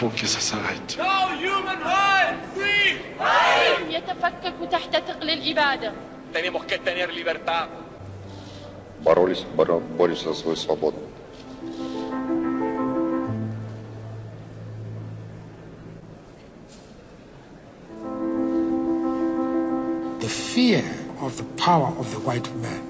faut que ça s'arrête. يتفكك تحت ثقل الإبادة. Tenemos que tener libertad. Боролись, за свою свободу. The fear of the power of the white man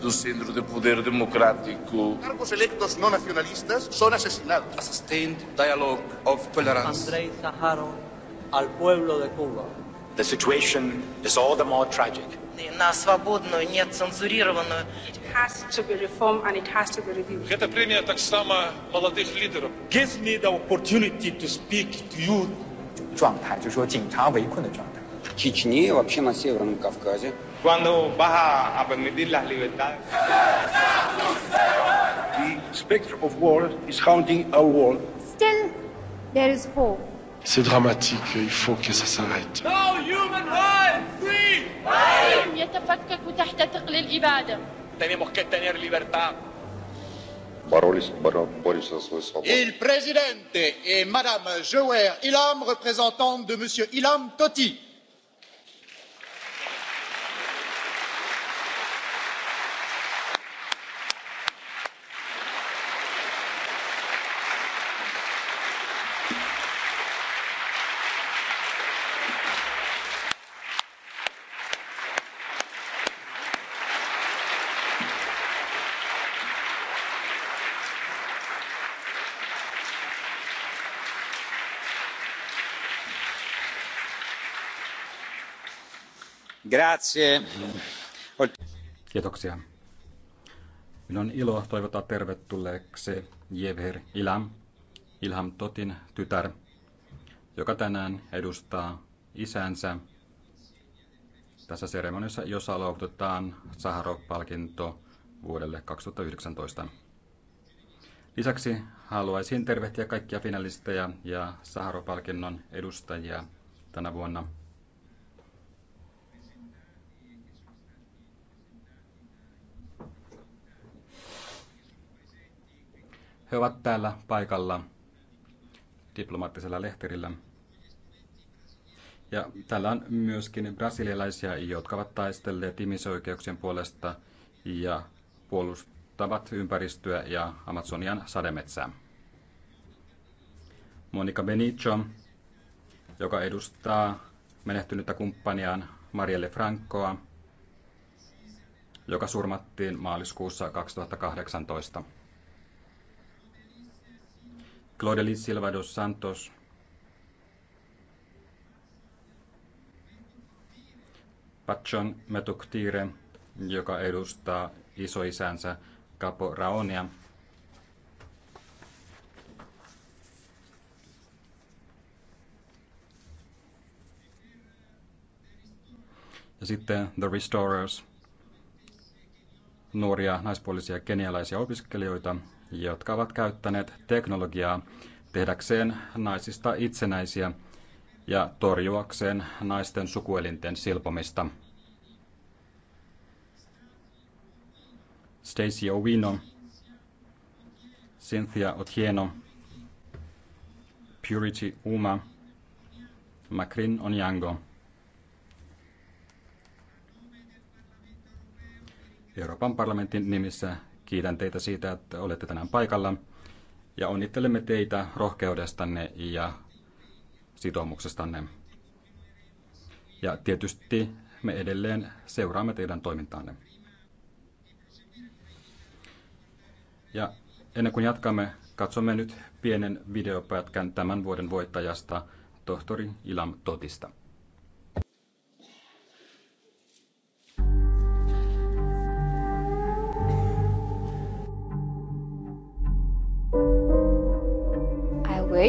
do Centro de Poder Democrático. Cargos electos não nacionalistas são assassinados. A sustained dialogue of tolerance. Andrei Saharov ao povo de Cuba. The situation is all the more tragic. на свободную, нецензурированную. It has to be reformed and it has to be reviewed. Эта премия так само молодых лидеров. Give me the opportunity to speak to you. 状态就是说警察围困的状态。В Чечне, вообще на Северном Кавказе cuando vas a, a permitir las libertades? The specter of war is haunting our world. Still, there is hope. C'est dramatique, il faut que ça s'arrête. No human life free! يتفكك Tenemos que tener libertad. Il presidente et madame Jower Ilham, représentante de monsieur Ilham Tohti. Kiitoksia. Minun on ilo toivottaa tervetulleeksi Jevher Ilham, Ilham Totin tytär, joka tänään edustaa isänsä tässä seremoniassa, jossa luovutetaan Saharov-palkinto vuodelle 2019. Lisäksi haluaisin tervehtiä kaikkia finalisteja ja Saharov-palkinnon edustajia tänä vuonna – He ovat täällä paikalla diplomaattisella lehterillä. Ja täällä on myöskin brasilialaisia, jotka ovat taistelleet ihmisoikeuksien puolesta ja puolustavat ympäristöä ja Amazonian sademetsää. Monika Benicio, joka edustaa menehtynyttä kumppaniaan Marielle Francoa, joka surmattiin maaliskuussa 2018. Claudia Silva dos Santos. Pachon Metuktire, joka edustaa isoisänsä Capo Raonia. Ja sitten The Restorers, nuoria naispuolisia kenialaisia opiskelijoita, jotka ovat käyttäneet teknologiaa tehdäkseen naisista itsenäisiä ja torjuakseen naisten sukuelinten silpomista. Stacy Owino, Cynthia Otieno, Purity Uma, Macrin Onyango. Euroopan parlamentin nimissä Kiitän teitä siitä, että olette tänään paikalla ja onnittelemme teitä rohkeudestanne ja sitoumuksestanne. Ja tietysti me edelleen seuraamme teidän toimintaanne. Ja ennen kuin jatkamme, katsomme nyt pienen videopätkän tämän vuoden voittajasta, tohtori Ilam Totista.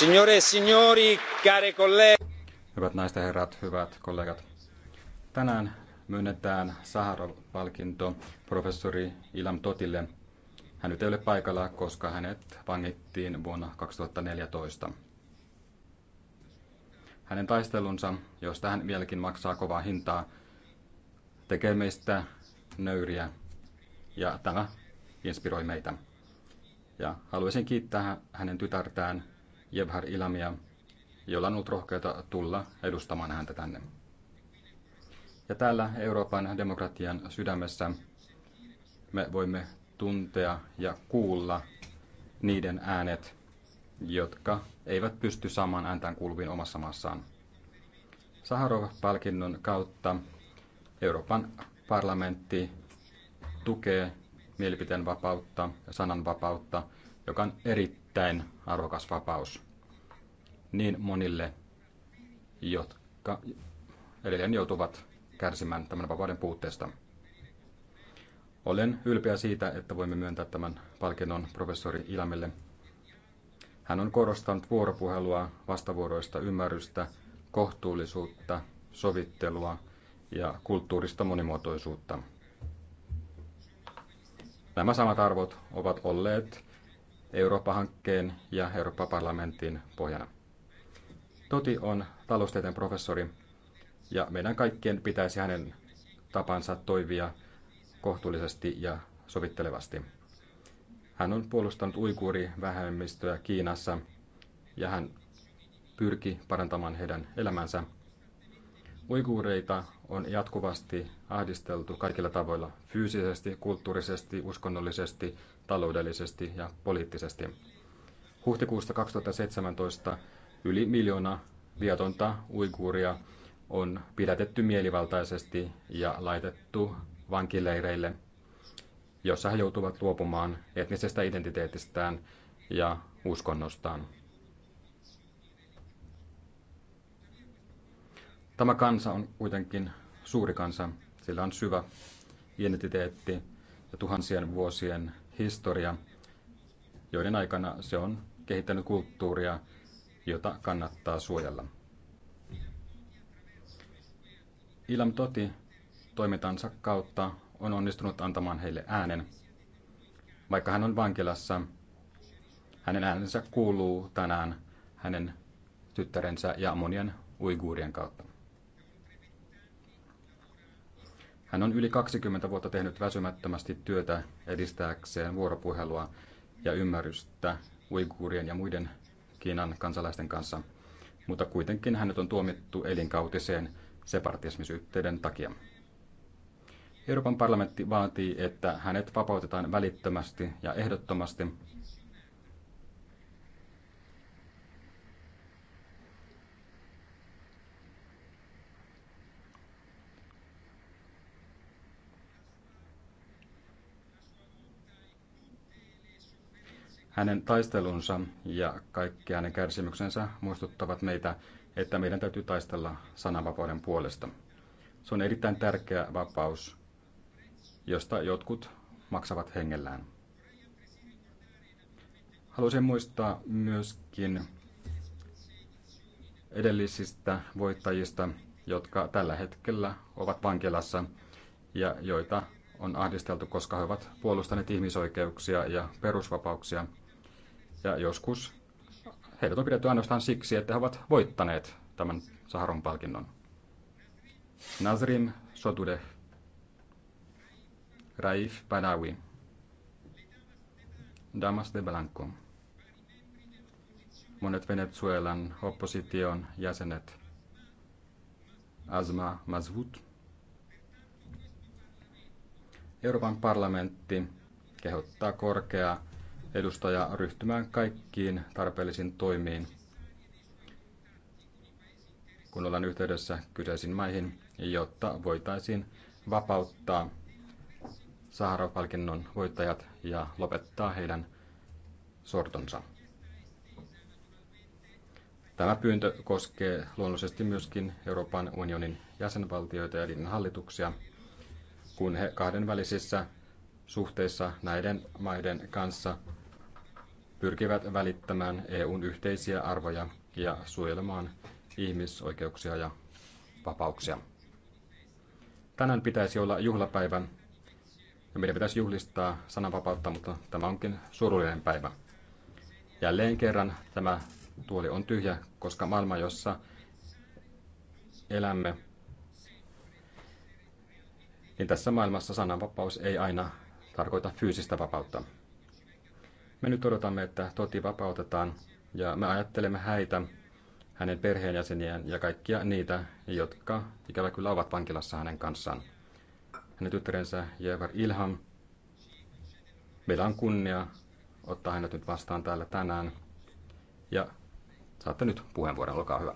Signore signori, care Hyvät naiset ja herrat, hyvät kollegat. Tänään myönnetään Saharov-palkinto professori Ilham Totille. Hän nyt ei ole paikalla, koska hänet vangittiin vuonna 2014. Hänen taistelunsa, josta hän vieläkin maksaa kovaa hintaa, tekee meistä nöyriä ja tämä inspiroi meitä. Ja haluaisin kiittää hänen tytärtään Jebhar Ilamia, jolla on ollut rohkeita tulla edustamaan häntä tänne. Ja täällä Euroopan demokratian sydämessä me voimme tuntea ja kuulla niiden äänet, jotka eivät pysty saamaan ääntään kuuluviin omassa maassaan. Saharov-palkinnon kautta Euroopan parlamentti tukee mielipiteen vapautta, sananvapautta joka on erittäin arvokas vapaus niin monille, jotka edelleen joutuvat kärsimään tämän vapauden puutteesta. Olen ylpeä siitä, että voimme myöntää tämän palkinnon professori Ilamille. Hän on korostanut vuoropuhelua, vastavuoroista ymmärrystä, kohtuullisuutta, sovittelua ja kulttuurista monimuotoisuutta. Nämä samat arvot ovat olleet Eurooppa-hankkeen ja Eurooppa-parlamentin pohjana. Toti on taloustieteen professori ja meidän kaikkien pitäisi hänen tapansa toivia kohtuullisesti ja sovittelevasti. Hän on puolustanut vähemmistöä Kiinassa ja hän pyrki parantamaan heidän elämänsä. Uiguureita on jatkuvasti ahdisteltu kaikilla tavoilla, fyysisesti, kulttuurisesti, uskonnollisesti, taloudellisesti ja poliittisesti. Huhtikuusta 2017 yli miljoona viatonta uiguuria on pidätetty mielivaltaisesti ja laitettu vankileireille, jossa he joutuvat luopumaan etnisestä identiteetistään ja uskonnostaan. Tämä kansa on kuitenkin suuri kansa. Sillä on syvä identiteetti ja tuhansien vuosien historia, joiden aikana se on kehittänyt kulttuuria, jota kannattaa suojella. Ilm Toti toimintansa kautta on onnistunut antamaan heille äänen. Vaikka hän on vankilassa, hänen äänensä kuuluu tänään hänen tyttärensä ja monien uiguurien kautta. Hän on yli 20 vuotta tehnyt väsymättömästi työtä edistääkseen vuoropuhelua ja ymmärrystä uiguurien ja muiden Kiinan kansalaisten kanssa, mutta kuitenkin hänet on tuomittu elinkautiseen separatismisyytteiden takia. Euroopan parlamentti vaatii, että hänet vapautetaan välittömästi ja ehdottomasti Hänen taistelunsa ja kaikki hänen kärsimyksensä muistuttavat meitä, että meidän täytyy taistella sananvapauden puolesta. Se on erittäin tärkeä vapaus, josta jotkut maksavat hengellään. Haluaisin muistaa myöskin edellisistä voittajista, jotka tällä hetkellä ovat vankilassa ja joita on ahdisteltu, koska he ovat puolustaneet ihmisoikeuksia ja perusvapauksia – ja joskus heidät on pidetty ainoastaan siksi, että he ovat voittaneet tämän Saharon palkinnon. Nazrim Sotude. Raif Badawi, Damas de Blanco. Monet Venezuelan opposition jäsenet, Azma Mazvut. Euroopan parlamentti kehottaa korkeaa edustaja ryhtymään kaikkiin tarpeellisiin toimiin, kun ollaan yhteydessä kyseisiin maihin, jotta voitaisiin vapauttaa Saharov-palkinnon voittajat ja lopettaa heidän sortonsa. Tämä pyyntö koskee luonnollisesti myöskin Euroopan unionin jäsenvaltioita ja niiden hallituksia, kun he kahdenvälisissä suhteissa näiden maiden kanssa pyrkivät välittämään EUn yhteisiä arvoja ja suojelemaan ihmisoikeuksia ja vapauksia. Tänään pitäisi olla juhlapäivä ja meidän pitäisi juhlistaa sananvapautta, mutta tämä onkin surullinen päivä. Jälleen kerran tämä tuoli on tyhjä, koska maailma, jossa elämme, niin tässä maailmassa sananvapaus ei aina tarkoita fyysistä vapautta. Me nyt odotamme, että Toti vapautetaan ja me ajattelemme häitä, hänen perheenjäseniään ja kaikkia niitä, jotka ikävä kyllä ovat vankilassa hänen kanssaan. Hänen tyttärensä Jevar Ilham. Meillä on kunnia ottaa hänet nyt vastaan täällä tänään. Ja saatte nyt puheenvuoron, olkaa hyvä.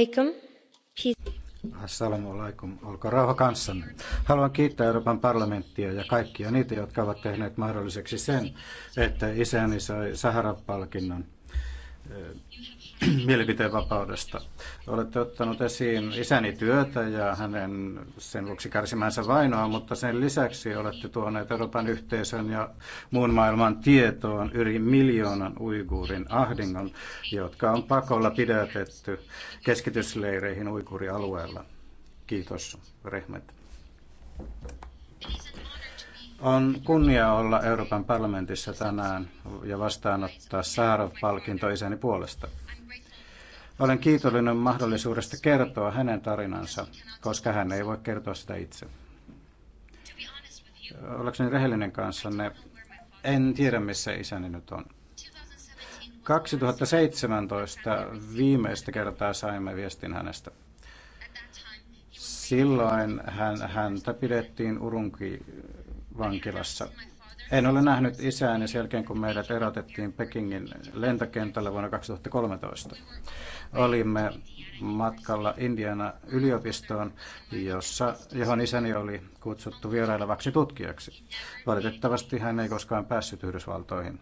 alaikum. Assalamu alaikum, olkaa rauha kanssanne. Haluan kiittää Euroopan parlamenttia ja kaikkia niitä, jotka ovat tehneet mahdolliseksi sen, että isäni sai Sahara-palkinnon mielipiteenvapaudesta. Olette ottanut esiin isäni työtä ja hänen sen vuoksi kärsimänsä vainoa, mutta sen lisäksi olette tuoneet Euroopan yhteisön ja muun maailman tietoon yli miljoonan uiguurin ahdingon, jotka on pakolla pidätetty keskitysleireihin uiguurialueella. Kiitos, Rehmet. On kunnia olla Euroopan parlamentissa tänään ja vastaanottaa Saarov-palkinto isäni puolesta. Olen kiitollinen mahdollisuudesta kertoa hänen tarinansa, koska hän ei voi kertoa sitä itse. Ollakseni rehellinen kanssanne, en tiedä missä isäni nyt on. 2017 viimeistä kertaa saimme viestin hänestä. Silloin hän, häntä pidettiin Urunki vankilassa. En ole nähnyt isääni sen jälkeen, kun meidät erotettiin Pekingin lentokentällä vuonna 2013. Olimme matkalla Indiana yliopistoon, jossa, johon isäni oli kutsuttu vierailevaksi tutkijaksi. Valitettavasti hän ei koskaan päässyt Yhdysvaltoihin.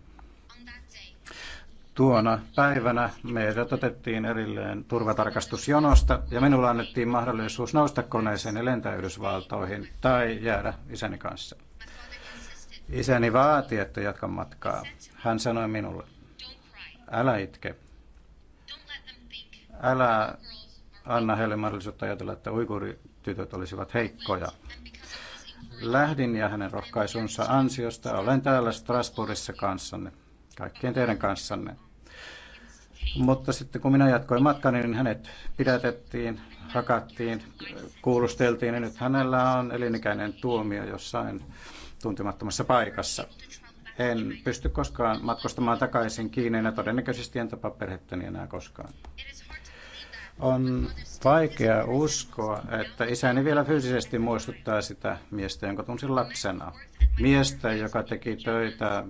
Tuona päivänä meidät otettiin erilleen turvatarkastusjonosta ja minulla annettiin mahdollisuus nousta koneeseen ja lentää Yhdysvaltoihin tai jäädä isäni kanssa. Isäni vaati, että jatkan matkaa. Hän sanoi minulle, älä itke. Älä anna heille mahdollisuutta ajatella, että uiguritytöt olisivat heikkoja. Lähdin ja hänen rohkaisunsa ansiosta olen täällä Strasbourgissa kanssanne, kaikkien teidän kanssanne. Mutta sitten kun minä jatkoin matkani, niin hänet pidätettiin, hakattiin, kuulusteltiin ja nyt hänellä on elinikäinen tuomio jossain tuntemattomassa paikassa. En pysty koskaan matkustamaan takaisin Kiinaan ja todennäköisesti en tapa perhettäni enää koskaan. On vaikea uskoa, että isäni vielä fyysisesti muistuttaa sitä miestä, jonka tunsin lapsena. Miestä, joka teki töitä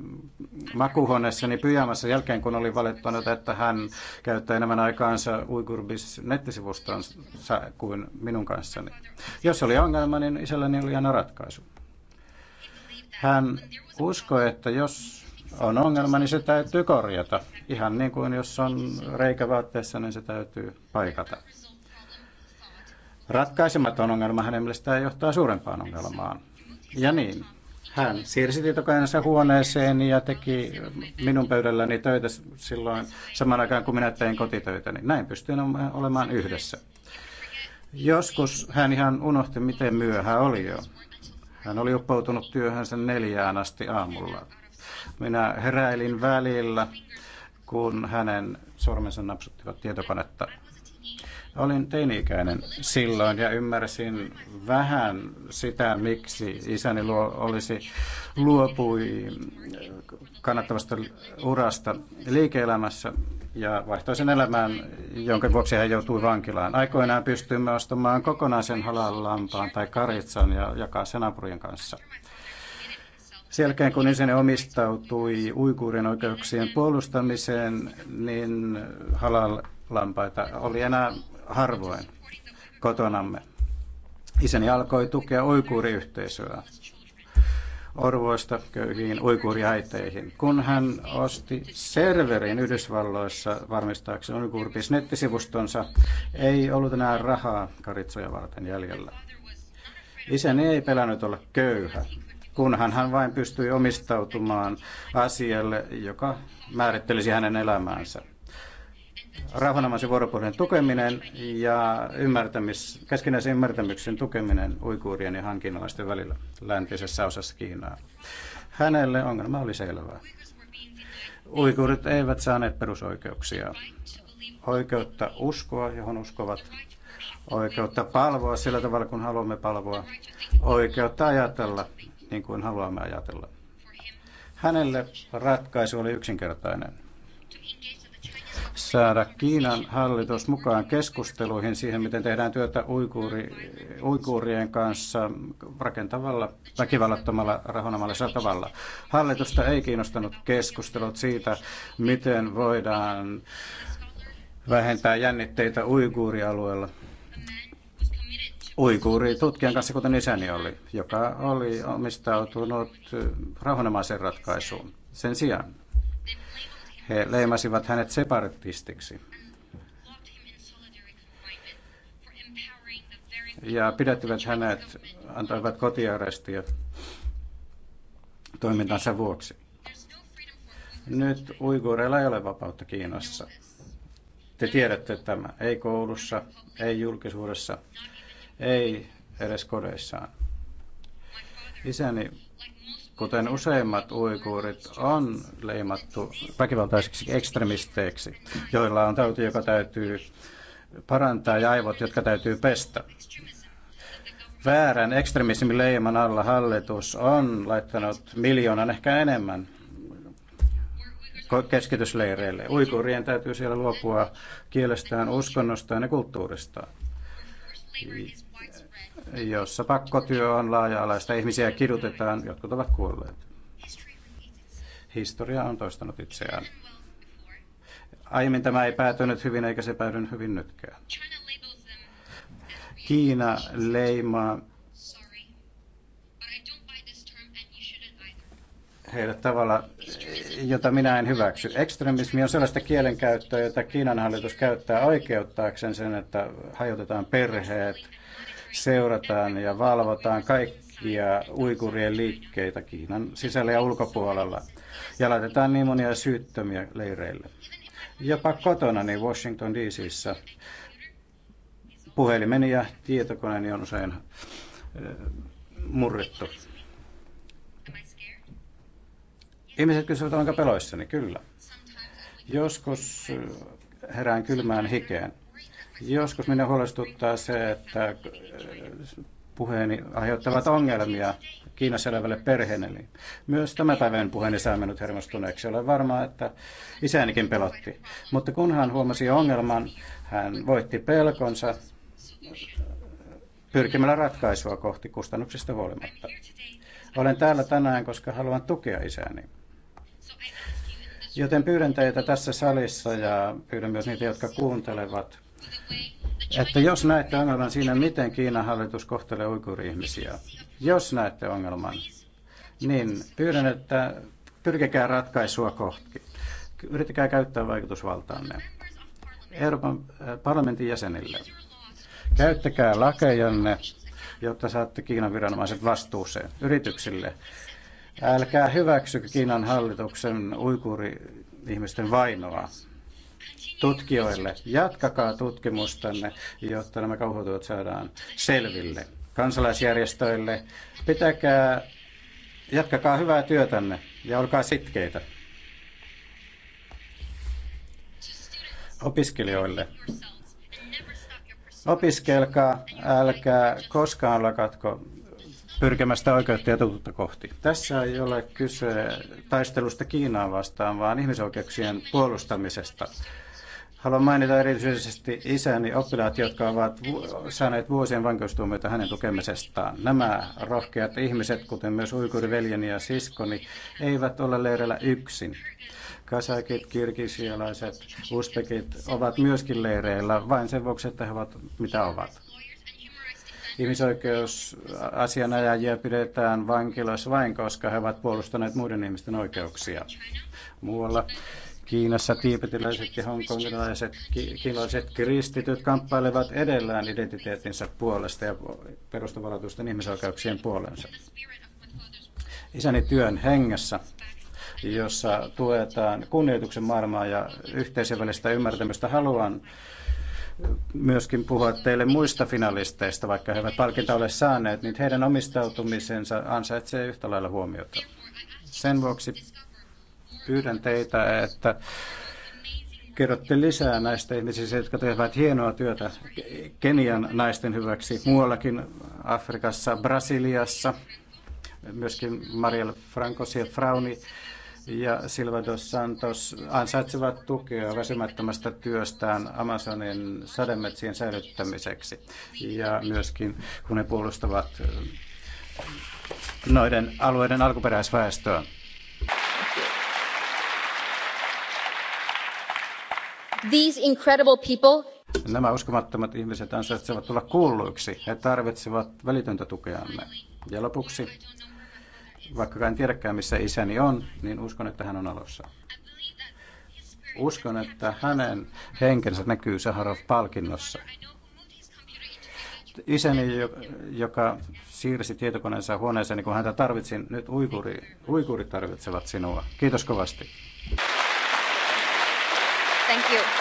makuhuoneessani pyjäämässä jälkeen, kun oli valittanut, että hän käyttää enemmän aikaansa Uigurbis nettisivustonsa kuin minun kanssani. Jos oli ongelma, niin isälläni oli aina ratkaisu. Hän uskoi, että jos on ongelma, niin se täytyy korjata. Ihan niin kuin jos on reikä vaatteessa, niin se täytyy paikata. Ratkaisematon ongelma hänen mielestään johtaa suurempaan ongelmaan. Ja niin, hän siirsi tietokoneensa huoneeseen ja teki minun pöydälläni töitä silloin saman aikaan, kun minä tein Niin Näin pystyin olemaan yhdessä. Joskus hän ihan unohti, miten myöhä oli jo. Hän oli uppoutunut työhönsä neljään asti aamulla. Minä heräilin välillä, kun hänen sormensa napsuttivat tietokonetta. Olin teini-ikäinen silloin ja ymmärsin vähän sitä, miksi isäni luo, olisi luopui äh, kannattavasta urasta liike-elämässä ja vaihtoi sen elämään, jonka vuoksi hän joutui vankilaan. Aikoinaan pystyimme ostamaan kokonaisen halal lampaan tai karitsan ja jakaa sen naapurien kanssa. Sen jälkeen kun isäni omistautui uikuurin oikeuksien puolustamiseen, niin halal lampaita oli enää harvoin kotonamme. Isäni alkoi tukea oikuuriyhteisöä orvoista köyhiin uiguuriäiteihin, kun hän osti serverin Yhdysvalloissa varmistaakseen uiguurbis nettisivustonsa, ei ollut enää rahaa karitsoja varten jäljellä. Isäni ei pelännyt olla köyhä, kunhan hän vain pystyi omistautumaan asialle, joka määrittelisi hänen elämäänsä rauhanomaisen vuoropuhelun tukeminen ja ymmärtämis, keskinäisen ymmärtämyksen tukeminen uikuurien ja hankinnalaisten välillä läntisessä osassa Kiinaa. Hänelle ongelma oli selvää. Uikuurit eivät saaneet perusoikeuksia. Oikeutta uskoa, johon uskovat. Oikeutta palvoa sillä tavalla, kun haluamme palvoa. Oikeutta ajatella niin kuin haluamme ajatella. Hänelle ratkaisu oli yksinkertainen saada Kiinan hallitus mukaan keskusteluihin siihen, miten tehdään työtä uikuuri, uikuurien kanssa rakentavalla, väkivallattomalla, rahonomallisella tavalla. Hallitusta ei kiinnostanut keskustelut siitä, miten voidaan vähentää jännitteitä uiguurialueella. Uiguuri tutkijan kanssa, kuten isäni oli, joka oli omistautunut rauhanomaisen ratkaisuun. Sen sijaan he leimasivat hänet separatistiksi. Ja pidättivät hänet, antoivat kotiarestia toimintansa vuoksi. Nyt uiguureilla ei ole vapautta Kiinassa. Te tiedätte tämä. Ei koulussa, ei julkisuudessa, ei edes kodeissaan. Isäni kuten useimmat uiguurit, on leimattu väkivaltaisiksi ekstremisteiksi, joilla on tauti, joka täytyy parantaa ja aivot, jotka täytyy pestä. Väärän ekstremismin leiman alla hallitus on laittanut miljoonan ehkä enemmän keskitysleireille. Uikurien täytyy siellä luopua kielestään, uskonnostaan ja kulttuuristaan jossa pakkotyö on laaja-alaista, ihmisiä kidutetaan, jotkut ovat kuolleet. Historia on toistanut itseään. Aiemmin tämä ei päätynyt hyvin, eikä se päädy hyvin nytkään. Kiina leimaa heidät tavalla, jota minä en hyväksy. Ekstremismi on sellaista kielenkäyttöä, jota Kiinan hallitus käyttää oikeuttaakseen sen, että hajotetaan perheet, seurataan ja valvotaan kaikkia uikurien liikkeitä Kiinan sisällä ja ulkopuolella ja laitetaan niin monia syyttömiä leireille. Jopa kotona, niin Washington DCissä, puhelimen ja tietokoneeni on usein eh, murrettu. Ihmiset kysyvät, onko peloissani? Kyllä. Joskus eh, herään kylmään hikeen. Joskus minä huolestuttaa se, että äh, puheeni aiheuttavat ongelmia Kiinassa elävälle perheelle. Myös tämä päivän puheeni saa minut hermostuneeksi. Olen varma, että isänikin pelotti. Mutta kun hän huomasi ongelman, hän voitti pelkonsa pyrkimällä ratkaisua kohti kustannuksista huolimatta. Olen täällä tänään, koska haluan tukea isäni. Joten pyydän teitä tässä salissa ja pyydän myös niitä, jotka kuuntelevat, että jos näette ongelman siinä, miten Kiinan hallitus kohtelee uikuri-ihmisiä, jos näette ongelman, niin pyydän, että pyrkikää ratkaisua kohti. Yrittäkää käyttää vaikutusvaltaanne. Euroopan äh, parlamentin jäsenille. Käyttäkää lakejanne, jotta saatte Kiinan viranomaiset vastuuseen yrityksille. Älkää hyväksykö Kiinan hallituksen uikuri-ihmisten vainoa tutkijoille, jatkakaa tutkimustanne, jotta nämä kauhutuot saadaan selville. Kansalaisjärjestöille, pitäkää, jatkakaa hyvää työtänne ja olkaa sitkeitä. Opiskelijoille, opiskelkaa, älkää koskaan lakatko pyrkimästä oikeutta ja totuutta kohti. Tässä ei ole kyse taistelusta Kiinaa vastaan, vaan ihmisoikeuksien puolustamisesta. Haluan mainita erityisesti isäni oppilaat, jotka ovat saaneet vuosien vankeustuomioita hänen tukemisestaan. Nämä rohkeat ihmiset, kuten myös uikuriveljeni ja siskoni, eivät ole leirillä yksin. Kasakit, kirkisialaiset, uspekit ovat myöskin leireillä vain sen vuoksi, että he ovat mitä ovat. Ihmisoikeusasianajajia pidetään vankiloissa vain, koska he ovat puolustaneet muiden ihmisten oikeuksia. Muualla Kiinassa tiipetiläiset ja hongkongilaiset kiinalaiset kristityt kamppailevat edellään identiteettinsä puolesta ja perustavalatusten ihmisoikeuksien puolensa. Isäni työn hengessä jossa tuetaan kunnioituksen maailmaa ja yhteisön välistä ymmärtämystä. Haluan myöskin puhua teille muista finalisteista, vaikka he eivät palkinta ole saaneet, niin heidän omistautumisensa ansaitsee yhtä lailla huomiota. Sen vuoksi pyydän teitä, että kerrotte lisää näistä ihmisistä, jotka tekevät hienoa työtä Kenian naisten hyväksi muuallakin Afrikassa, Brasiliassa, myöskin Marielle Francosia Frauni ja Silva dos Santos ansaitsevat tukea väsymättömästä työstään Amazonin sademetsien säilyttämiseksi. Ja myöskin kun ne puolustavat äh, noiden alueiden alkuperäisväestöä. These incredible people Nämä uskomattomat ihmiset ansaitsevat tulla kuulluiksi. He tarvitsevat välitöntä tukeamme. Ja lopuksi vaikka en tiedäkään, missä isäni on, niin uskon, että hän on alossa. Uskon, että hänen henkensä näkyy Saharov-palkinnossa. Isäni, joka siirsi tietokoneensa huoneeseen, niin kun häntä tarvitsin, nyt uikuri, uikurit tarvitsevat sinua. Kiitos kovasti. Thank you.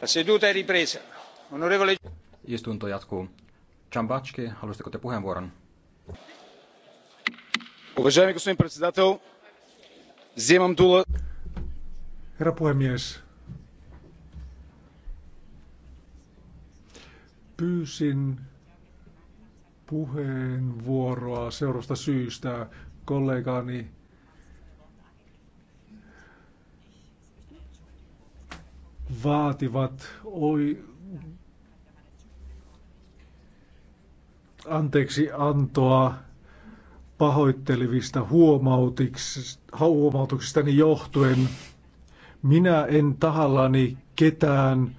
La seduta è ripresa. Onorevole... Istunto jatkuu. Chambatski, haluaisitteko te puheenvuoron? Уважаеми господин председател, вземам дула. Herra puhemies, pyysin puheenvuoroa seuraavasta syystä kollegani vaativat oi, anteeksi antoa pahoittelevista huomautuksistani johtuen. Minä en tahallani ketään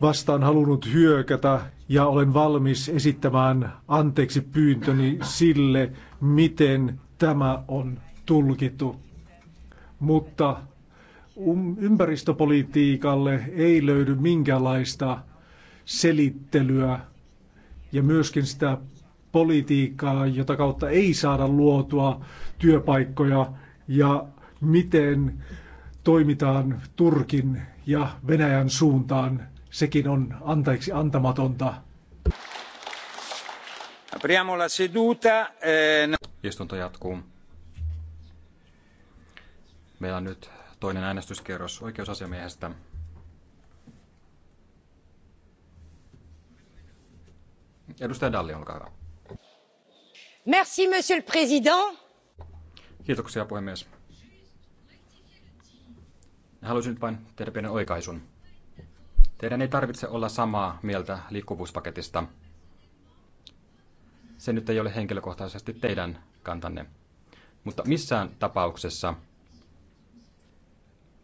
vastaan halunnut hyökätä ja olen valmis esittämään anteeksi pyyntöni sille, miten tämä on tulkittu. Mutta Um-, ympäristöpolitiikalle ei löydy minkäänlaista selittelyä ja myöskin sitä politiikkaa, jota kautta ei saada luotua työpaikkoja ja miten toimitaan Turkin ja Venäjän suuntaan, sekin on anteeksi antamatonta. Apriamo la seduta. Eh, no- Istunto jatkuu. Meillä on nyt toinen äänestyskierros oikeusasiamiehestä. Edustaja Dalli, olkaa hyvä. Merci, monsieur le président. Kiitoksia, puhemies. Haluaisin nyt vain tehdä pienen oikaisun. Teidän ei tarvitse olla samaa mieltä liikkuvuuspaketista. Se nyt ei ole henkilökohtaisesti teidän kantanne. Mutta missään tapauksessa –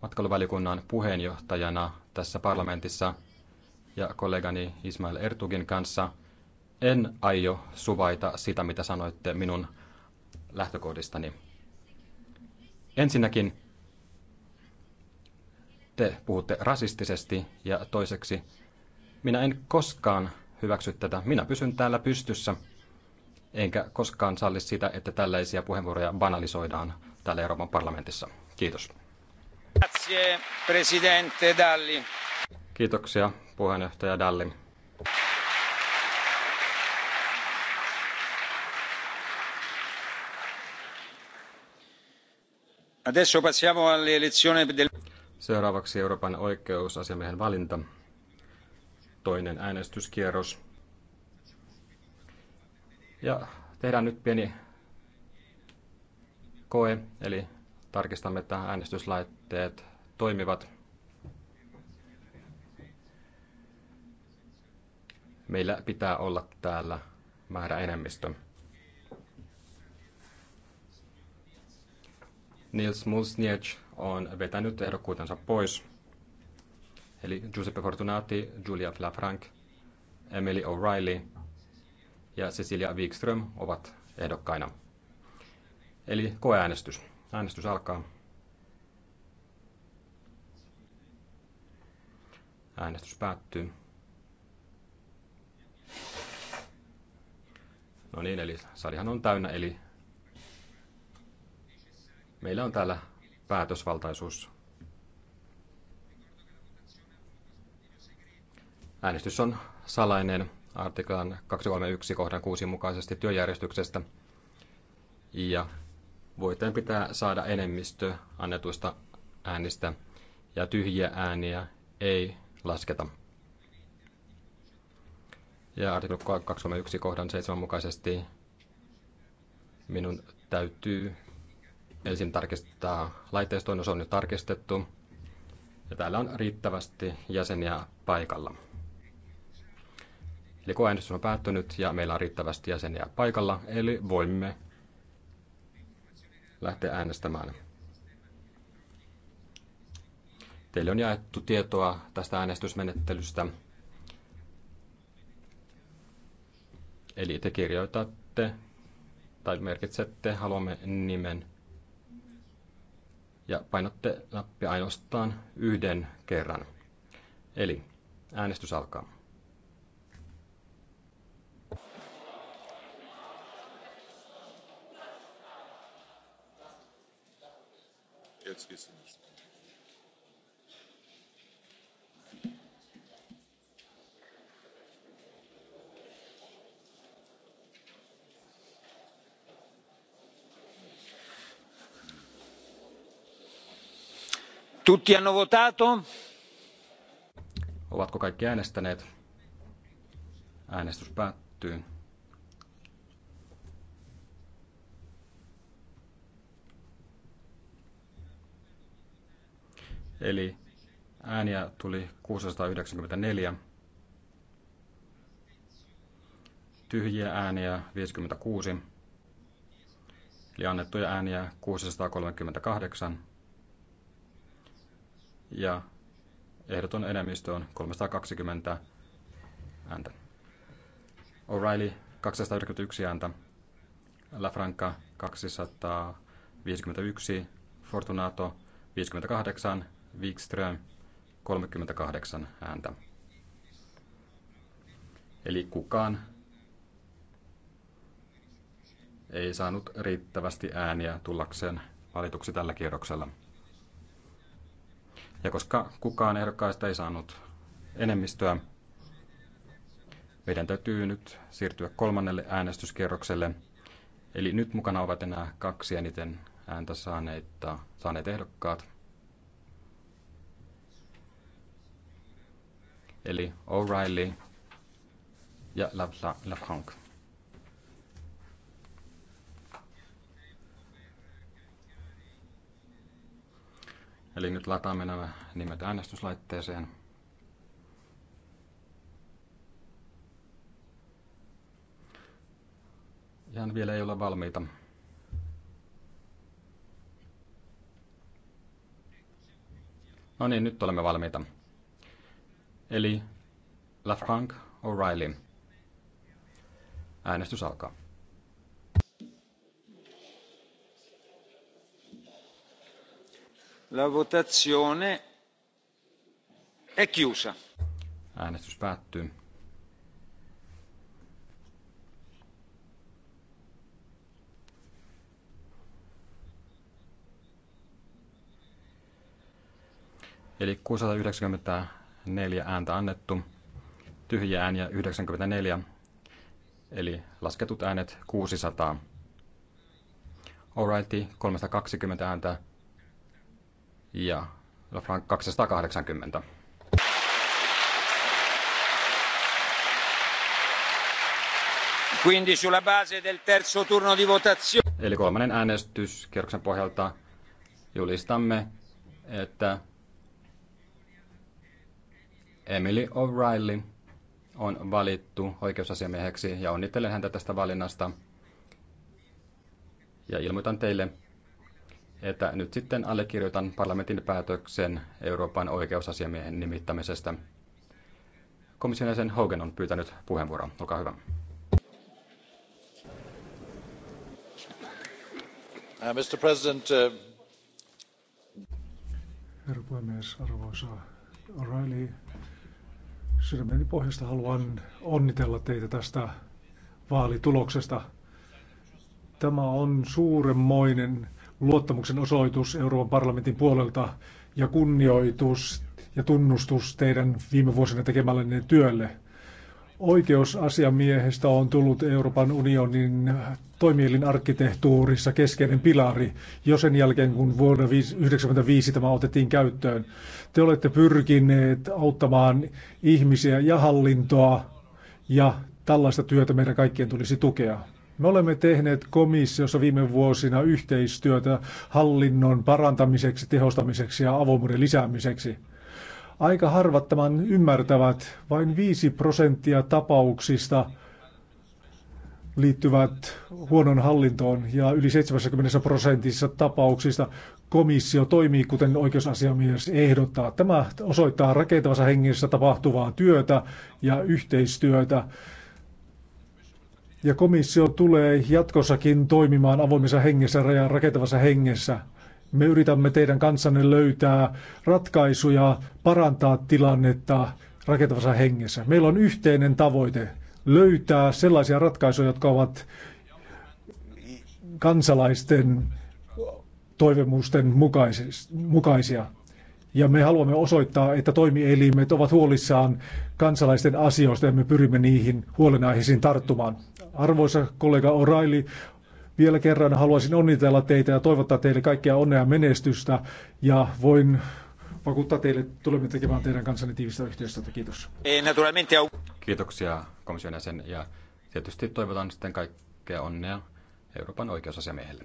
matkailuvaliokunnan puheenjohtajana tässä parlamentissa ja kollegani Ismail Ertugin kanssa en aio suvaita sitä, mitä sanoitte minun lähtökohdistani. Ensinnäkin te puhutte rasistisesti ja toiseksi minä en koskaan hyväksy tätä. Minä pysyn täällä pystyssä enkä koskaan salli sitä, että tällaisia puheenvuoroja banalisoidaan täällä Euroopan parlamentissa. Kiitos. Grazie, presidente Dalli. Kiitoksia, puheenjohtaja Dalli. Adesso passiamo alle del... Seuraavaksi Euroopan oikeusasiamiehen valinta. Toinen äänestyskierros. Ja tehdään nyt pieni koe, eli tarkistamme, että äänestyslait laitteet toimivat. Meillä pitää olla täällä määrä enemmistö. Nils Mulsniec on vetänyt ehdokkuutensa pois. Eli Giuseppe Fortunati, Julia Lafranc, Emily O'Reilly ja Cecilia Wikström ovat ehdokkaina. Eli koeäänestys. Äänestys alkaa. Äänestys päättyy. No niin, eli salihan on täynnä, eli meillä on täällä päätösvaltaisuus. Äänestys on salainen artiklan 231 kohdan 6 mukaisesti työjärjestyksestä ja voiteen pitää saada enemmistö annetuista äänistä ja tyhjiä ääniä ei lasketa. Ja artikla 21 kohdan 7 mukaisesti minun täytyy ensin tarkistaa laitteistoon, no se on nyt tarkistettu. Ja täällä on riittävästi jäseniä paikalla. Eli koeäänestys on päättynyt ja meillä on riittävästi jäseniä paikalla, eli voimme lähteä äänestämään. Teille on jaettu tietoa tästä äänestysmenettelystä. Eli te kirjoitatte tai merkitsette haluamme nimen ja painatte nappia ainoastaan yhden kerran. Eli äänestys alkaa. Jetzt Tutti hanno votato? Ovatko kaikki äänestäneet? Äänestys päättyy. Eli ääniä tuli 694. Tyhjiä ääniä 56. Eli annettuja ääniä 638 ja ehdoton enemmistö on 320 ääntä. O'Reilly 291 ääntä, Lafranca 251, Fortunato 58, Wikström 38 ääntä. Eli kukaan ei saanut riittävästi ääniä tullakseen valituksi tällä kierroksella. Ja koska kukaan ehdokkaista ei saanut enemmistöä, meidän täytyy nyt siirtyä kolmannelle äänestyskierrokselle. Eli nyt mukana ovat enää kaksi eniten ääntä saaneita, saaneet ehdokkaat. Eli O'Reilly ja Lafranc. La, La Eli nyt lataamme nämä nimet äänestyslaitteeseen. Ja vielä ei ole valmiita. No niin, nyt olemme valmiita. Eli LaFranc O'Reilly. Äänestys alkaa. La votazione è chiusa. Äänestys päättyy. Eli 694 ääntä annettu, tyhjiä ääniä 94, eli lasketut äänet 600. Alrighty, 320 ääntä, ja Lafranc 280. Quindi sulla base del terzo turno di votazione. Eli kolmannen äänestyskierroksen pohjalta julistamme, että Emily O'Reilly on valittu oikeusasiamieheksi ja onnittelen häntä tästä valinnasta. Ja ilmoitan teille, että nyt sitten allekirjoitan parlamentin päätöksen Euroopan oikeusasiamiehen nimittämisestä. Komission jäsen Hogan on pyytänyt puheenvuoroa. Olkaa hyvä. Uh, Mr. President, uh, Herra puhemies, arvoisa O'Reilly, sydämeni pohjasta haluan onnitella teitä tästä vaalituloksesta. Tämä on suuremmoinen luottamuksen osoitus Euroopan parlamentin puolelta ja kunnioitus ja tunnustus teidän viime vuosina tekemällenne työlle. Oikeusasiamiehestä on tullut Euroopan unionin arkkitehtuurissa keskeinen pilari jo sen jälkeen, kun vuonna 1995 tämä otettiin käyttöön. Te olette pyrkineet auttamaan ihmisiä ja hallintoa ja tällaista työtä meidän kaikkien tulisi tukea. Me olemme tehneet komissiossa viime vuosina yhteistyötä hallinnon parantamiseksi, tehostamiseksi ja avoimuuden lisäämiseksi. Aika harvat tämän ymmärtävät. Vain 5 prosenttia tapauksista liittyvät huonon hallintoon ja yli 70 prosentissa tapauksista komissio toimii, kuten oikeusasiamies ehdottaa. Tämä osoittaa rakentavassa hengessä tapahtuvaa työtä ja yhteistyötä ja komissio tulee jatkossakin toimimaan avoimessa hengessä ja rakentavassa hengessä. Me yritämme teidän kanssanne löytää ratkaisuja, parantaa tilannetta rakentavassa hengessä. Meillä on yhteinen tavoite löytää sellaisia ratkaisuja, jotka ovat kansalaisten toivemusten mukaisia. Ja me haluamme osoittaa, että toimielimet ovat huolissaan kansalaisten asioista ja me pyrimme niihin huolenaiheisiin tarttumaan. Arvoisa kollega O'Reilly, vielä kerran haluaisin onnitella teitä ja toivottaa teille kaikkia onnea ja menestystä. Ja voin vakuuttaa teille, että tulemme tekemään teidän kanssanne tiivistä yhteistyötä. Kiitos. Eh, Kiitoksia komission jäsen ja tietysti toivotan sitten kaikkea onnea Euroopan oikeusasiamiehelle.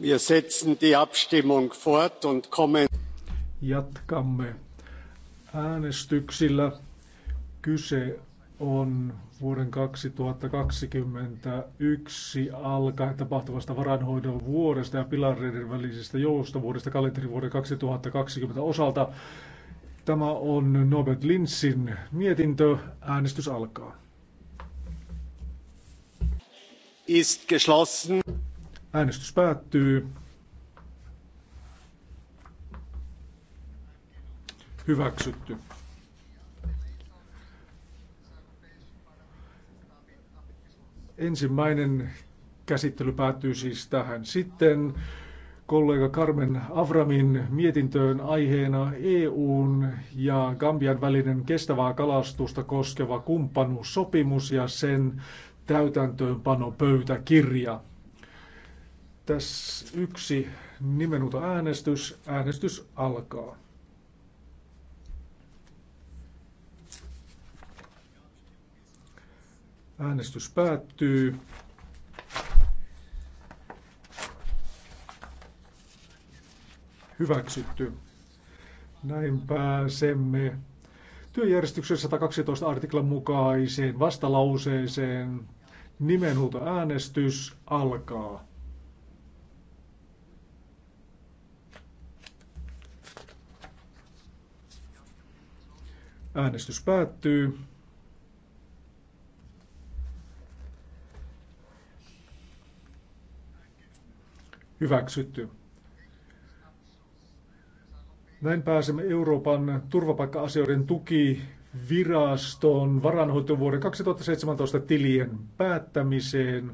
Wir setzen die Abstimmung fort und kommen. Jatkamme äänestyksillä. Kyse on vuoden 2021 alkaen tapahtuvasta varainhoidon vuodesta ja pilareiden välisestä joustavuudesta kalenterivuoden 2020 osalta. Tämä on Norbert Linsin mietintö. Äänestys alkaa. Ist geschlossen. Äänestys päättyy. Hyväksytty. Ensimmäinen käsittely päättyy siis tähän. Sitten kollega Carmen Avramin mietintöön aiheena EUn ja Gambian välinen kestävää kalastusta koskeva kumppanuussopimus ja sen täytäntöönpanopöytäkirja. pöytäkirja. Tässä yksi nimenuta äänestys. Äänestys alkaa. Äänestys päättyy. Hyväksytty. Näin pääsemme työjärjestyksen 112 artiklan mukaiseen vastalauseeseen. Nimenhuuto äänestys alkaa. Äänestys päättyy. Hyväksytty. Näin pääsemme Euroopan turvapaikka-asioiden tukiviraston varanhoitovuoden 2017 tilien päättämiseen.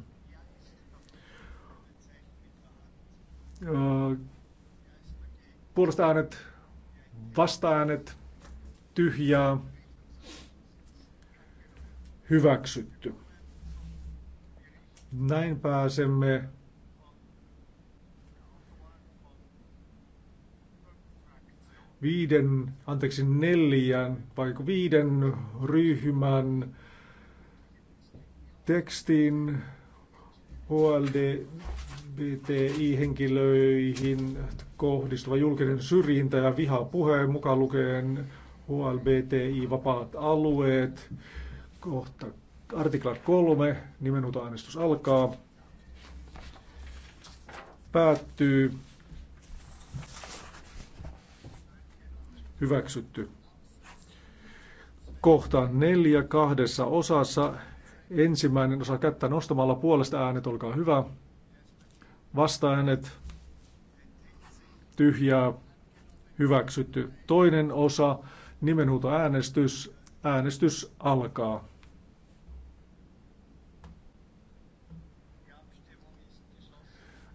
Puolesta äänet, vasta äänet, tyhjää hyväksytty. Näin pääsemme viiden, anteeksi neljän, vai viiden ryhmän tekstin HLDBTI-henkilöihin kohdistuva julkinen syrjintä ja vihapuhe mukaan lukeen HLBTI-vapaat alueet, kohta artikla 3, nimenuta äänestys alkaa, päättyy, hyväksytty. Kohta neljä kahdessa osassa. Ensimmäinen osa kättä nostamalla puolesta äänet, olkaa hyvä. Vasta-äänet, tyhjää, hyväksytty. Toinen osa Nimenhuutoäänestys. Äänestys alkaa.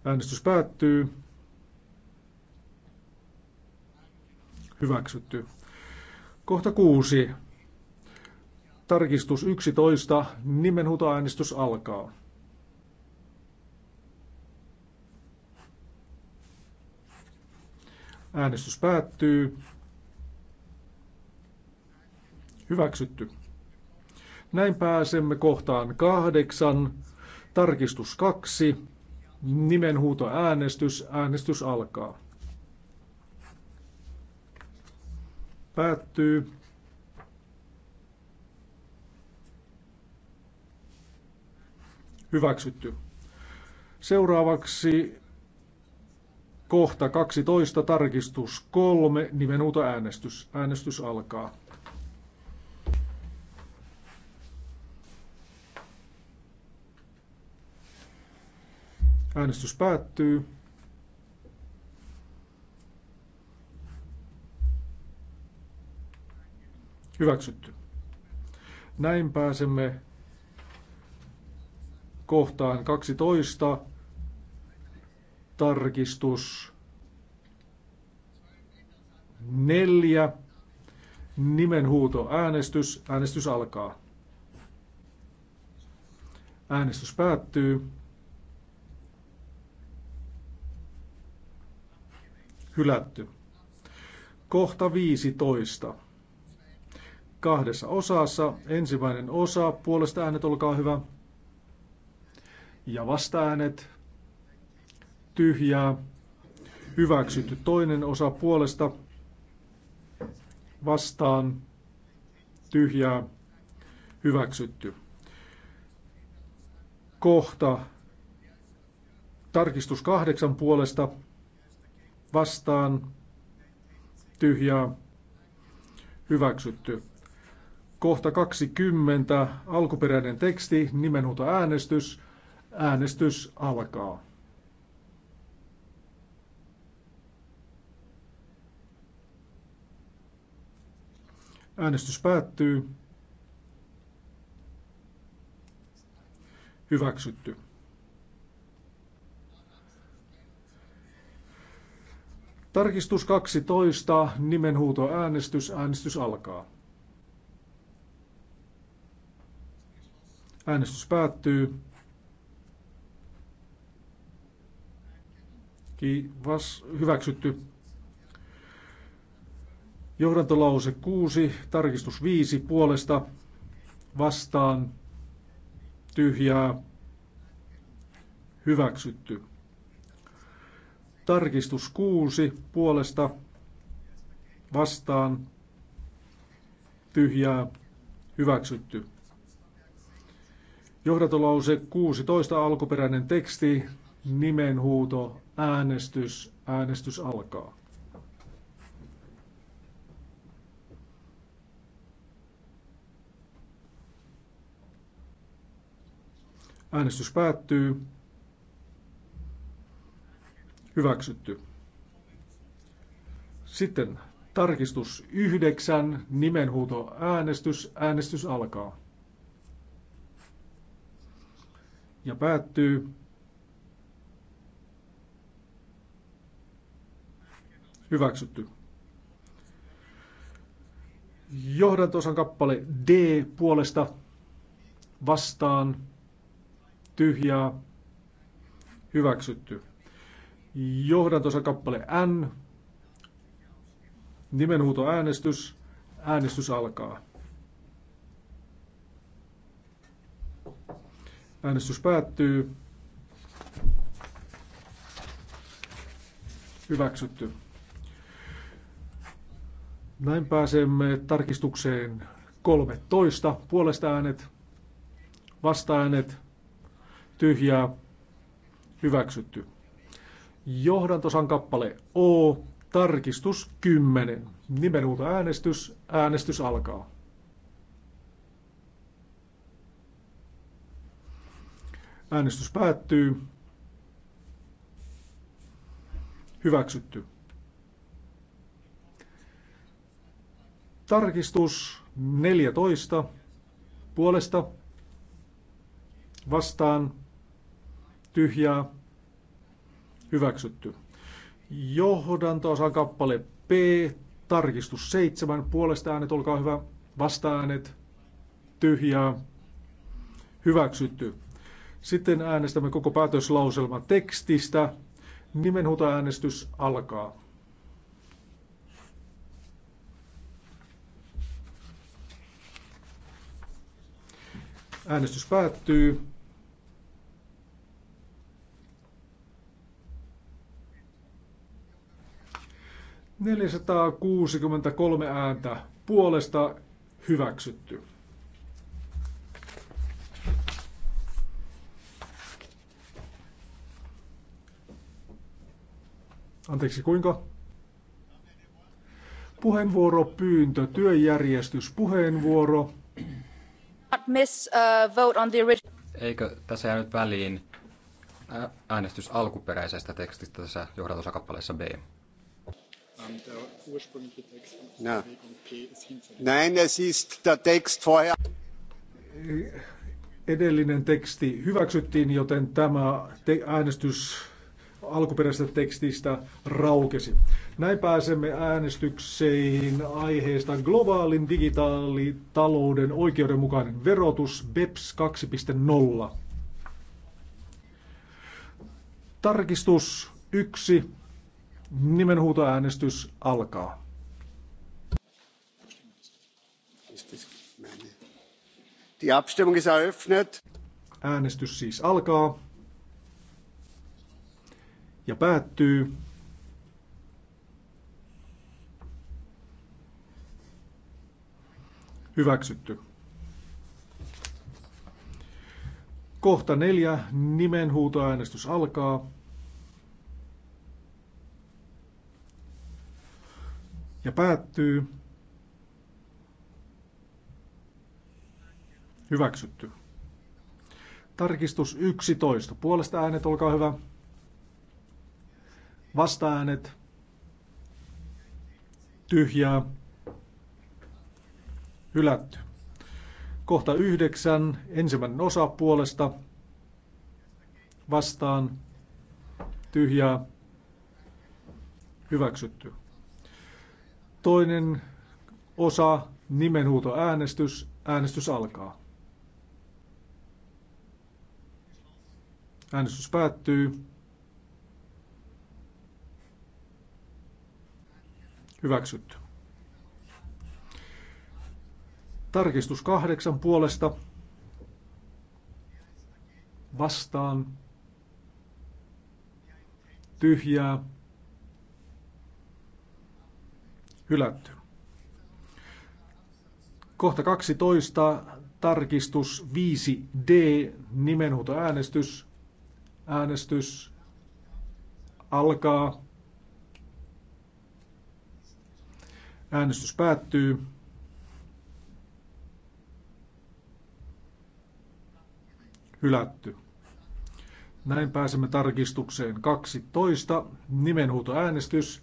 Äänestys päättyy. Hyväksytty. Kohta kuusi. Tarkistus 11. Nimenhuutoäänestys alkaa. Äänestys päättyy. Hyväksytty. Näin pääsemme kohtaan kahdeksan. Tarkistus kaksi. Nimenhuuto äänestys. Äänestys alkaa. Päättyy. Hyväksytty. Seuraavaksi kohta 12, tarkistus 3, nimenhuuto äänestys. Äänestys alkaa. Äänestys päättyy. Hyväksytty. Näin pääsemme kohtaan 12. Tarkistus 4. Nimenhuuto äänestys. Äänestys alkaa. Äänestys päättyy. hylätty. Kohta 15. Kahdessa osassa. Ensimmäinen osa. Puolesta äänet, olkaa hyvä. Ja vasta äänet. Tyhjää. Hyväksytty. Toinen osa puolesta. Vastaan. Tyhjää. Hyväksytty. Kohta. Tarkistus kahdeksan puolesta vastaan tyhjää hyväksytty. Kohta 20, alkuperäinen teksti, nimenhuuto äänestys. Äänestys alkaa. Äänestys päättyy. Hyväksytty. Tarkistus 12, nimenhuuto äänestys, äänestys alkaa. Äänestys päättyy. Kiivas, hyväksytty. Johdantolause 6, tarkistus 5 puolesta vastaan tyhjää hyväksytty. Tarkistus 6 puolesta vastaan tyhjää hyväksytty. Johdatolause 16 alkuperäinen teksti, nimenhuuto, äänestys, äänestys alkaa. Äänestys päättyy. Hyväksytty. Sitten tarkistus yhdeksän, nimenhuuto äänestys. Äänestys alkaa. Ja päättyy. Hyväksytty. Johdantosan kappale D puolesta vastaan tyhjää hyväksytty. Johdantosa kappale N. Nimenhuuto äänestys. Äänestys alkaa. Äänestys päättyy. Hyväksytty. Näin pääsemme tarkistukseen 13. Puolesta äänet, vasta äänet, tyhjää, hyväksytty. Johdantosan kappale O, tarkistus 10. Nimenuuta äänestys. Äänestys alkaa. Äänestys päättyy. Hyväksytty. Tarkistus 14. Puolesta. Vastaan. Tyhjää Hyväksytty. Johdantoosan kappale P, tarkistus 7, puolesta äänet, olkaa hyvä, vasta äänet, tyhjää, hyväksytty. Sitten äänestämme koko päätöslauselman tekstistä. Nimenhuutoäänestys alkaa. Äänestys päättyy. 463 ääntä puolesta hyväksytty. Anteeksi, kuinka? pyyntö työjärjestys, puheenvuoro. Miss, uh, vote on the original. Eikö tässä jäänyt väliin äänestys alkuperäisestä tekstistä tässä johdatusakappaleessa B? Ähm, der ursprüngliche Text von P ist hinfällig. Nein, es ist der Text vorher. Äh, edellinen teksti hyväksyttiin, joten tämä te- äänestys alkuperäisestä tekstistä raukesi. Näin pääsemme äänestykseen aiheesta globaalin digitaalitalouden oikeudenmukainen verotus BEPS 2.0. Tarkistus 1 Nimenhuutoäänestys alkaa. Die Abstimmung ist eröffnet. Äänestys siis alkaa ja päättyy. Hyväksytty. Kohta neljä. Nimenhuutoäänestys alkaa. ja päättyy. Hyväksytty. Tarkistus 11. Puolesta äänet, olkaa hyvä. Vasta äänet. Tyhjää. Hylätty. Kohta 9. Ensimmäinen osa puolesta. Vastaan. Tyhjää. Hyväksytty. Toinen osa, nimenhuutoäänestys. Äänestys alkaa. Äänestys päättyy. Hyväksytty. Tarkistus kahdeksan puolesta. Vastaan. Tyhjää Hylätty. Kohta 12. Tarkistus 5D. Nimenhuutoäänestys. Äänestys alkaa. Äänestys päättyy. Hylätty. Näin pääsemme tarkistukseen 12. Nimenhuutoäänestys.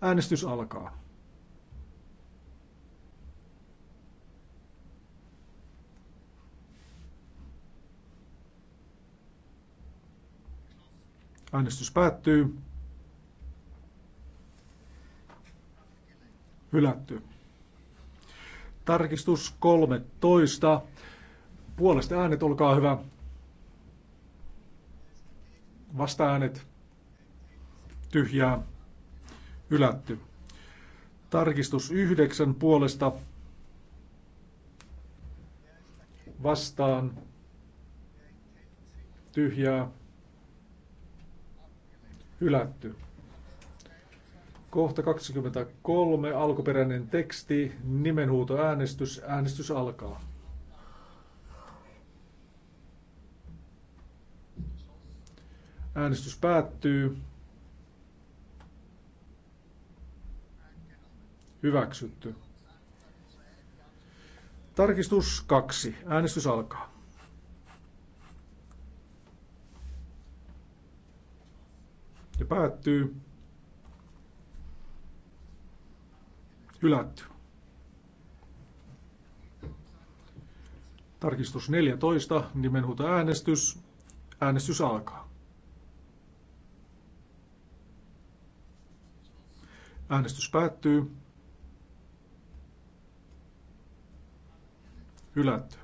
Äänestys alkaa. Äänestys päättyy. Hylätty. Tarkistus 13. Puolesta äänet, olkaa hyvä. Vasta äänet. Tyhjää. Hylätty. Tarkistus 9 puolesta vastaan tyhjää Hylätty. Kohta 23, alkuperäinen teksti, äänestys, äänestys alkaa. Äänestys päättyy. Hyväksytty. Tarkistus 2. Äänestys alkaa. ja päättyy. Hylätty. Tarkistus 14, nimenhuuta äänestys. Äänestys alkaa. Äänestys päättyy. Hylätty.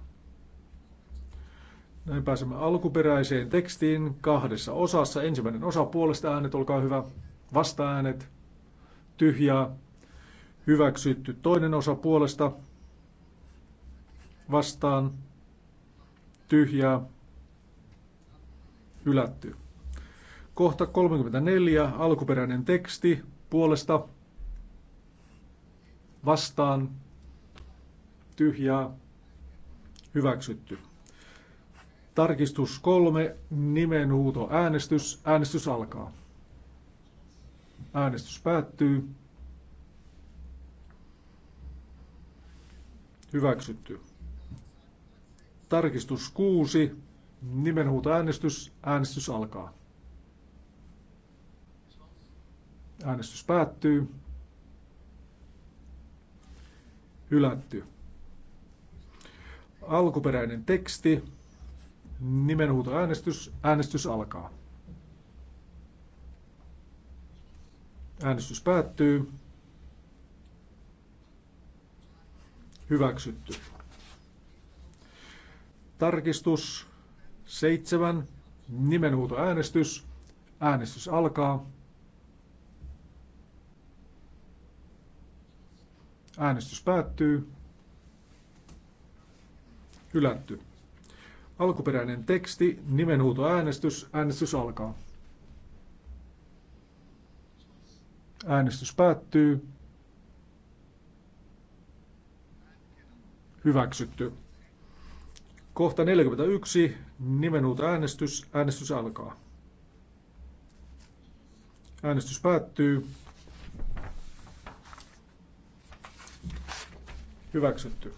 Näin pääsemme alkuperäiseen tekstiin kahdessa osassa. Ensimmäinen osa puolesta äänet, olkaa hyvä. Vasta-äänet, tyhjää, hyväksytty. Toinen osa puolesta, vastaan, tyhjää, hylätty. Kohta 34, alkuperäinen teksti, puolesta, vastaan, tyhjää, hyväksytty. Tarkistus kolme, nimenhuuto äänestys. Äänestys alkaa. Äänestys päättyy. Hyväksytty. Tarkistus kuusi Nimenhuuto äänestys. Äänestys alkaa. Äänestys päättyy. Hylätty. Alkuperäinen teksti. Nimenhuutoäänestys. Äänestys alkaa. Äänestys päättyy. Hyväksytty. Tarkistus 7. Nimenhuutoäänestys. Äänestys alkaa. Äänestys päättyy. Hylätty. Alkuperäinen teksti, äänestys, äänestys alkaa. Äänestys päättyy. Hyväksytty. Kohta 41, nimenhuuto äänestys, äänestys alkaa. Äänestys päättyy. Hyväksytty.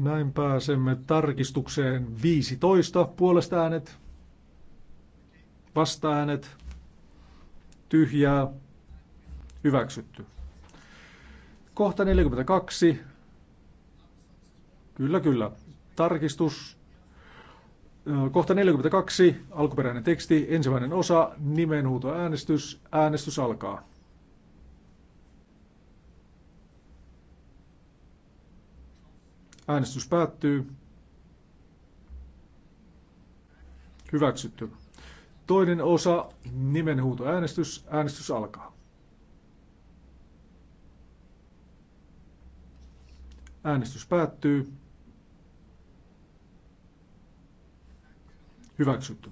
Näin pääsemme tarkistukseen 15. Puolesta äänet, vasta äänet, tyhjää, hyväksytty. Kohta 42. Kyllä, kyllä. Tarkistus. Kohta 42, alkuperäinen teksti, ensimmäinen osa, nimenhuuto äänestys Äänestys alkaa. Äänestys päättyy. Hyväksytty. Toinen osa, nimenhuutoäänestys. Äänestys alkaa. Äänestys päättyy. Hyväksytty.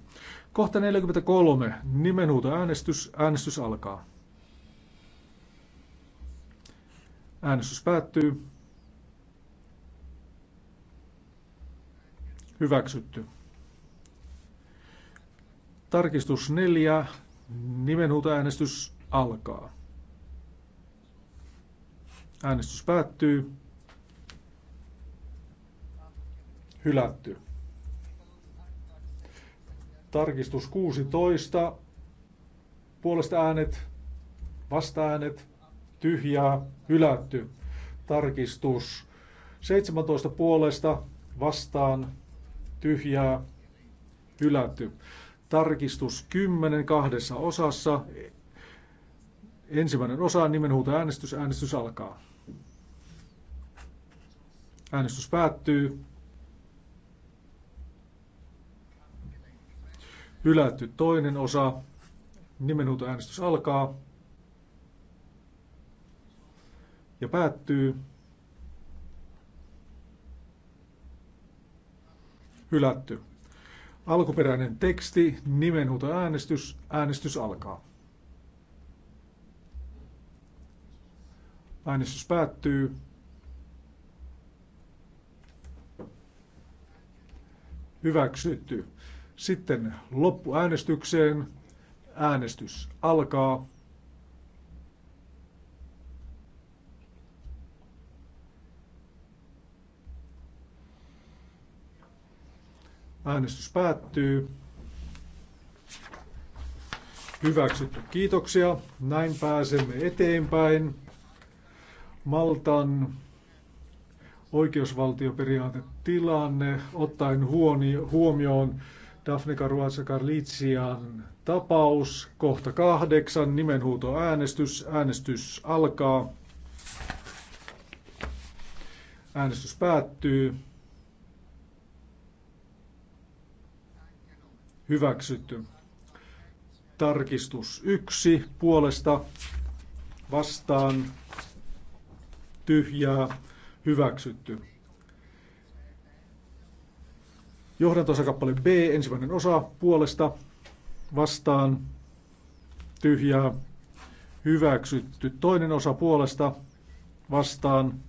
Kohta 43. Nimenhuutoäänestys. Äänestys alkaa. Äänestys päättyy. Hyväksytty. Tarkistus 4. Nimenhuutoäänestys alkaa. Äänestys päättyy. Hylätty. Tarkistus 16. Puolesta äänet, vasta äänet, tyhjää, hylätty. Tarkistus 17 puolesta vastaan tyhjää, hylätty. Tarkistus 10 kahdessa osassa. Ensimmäinen osa, nimenhuuto äänestys, äänestys alkaa. Äänestys päättyy. Hylätty toinen osa. Nimenhuuto äänestys alkaa. Ja päättyy. hylätty. Alkuperäinen teksti, nimenhuuto äänestys, äänestys alkaa. Äänestys päättyy. Hyväksytty. Sitten loppuäänestykseen. Äänestys alkaa. Äänestys päättyy. Hyväksytty. Kiitoksia. Näin pääsemme eteenpäin. Maltan oikeusvaltioperiaatetilanne ottaen huomioon Daphne Caruana Carlizian tapaus, kohta kahdeksan, äänestys. äänestys alkaa, äänestys päättyy. hyväksytty. Tarkistus 1 puolesta vastaan tyhjää hyväksytty. Johdantosakappale B, ensimmäinen osa puolesta vastaan tyhjää hyväksytty. Toinen osa puolesta vastaan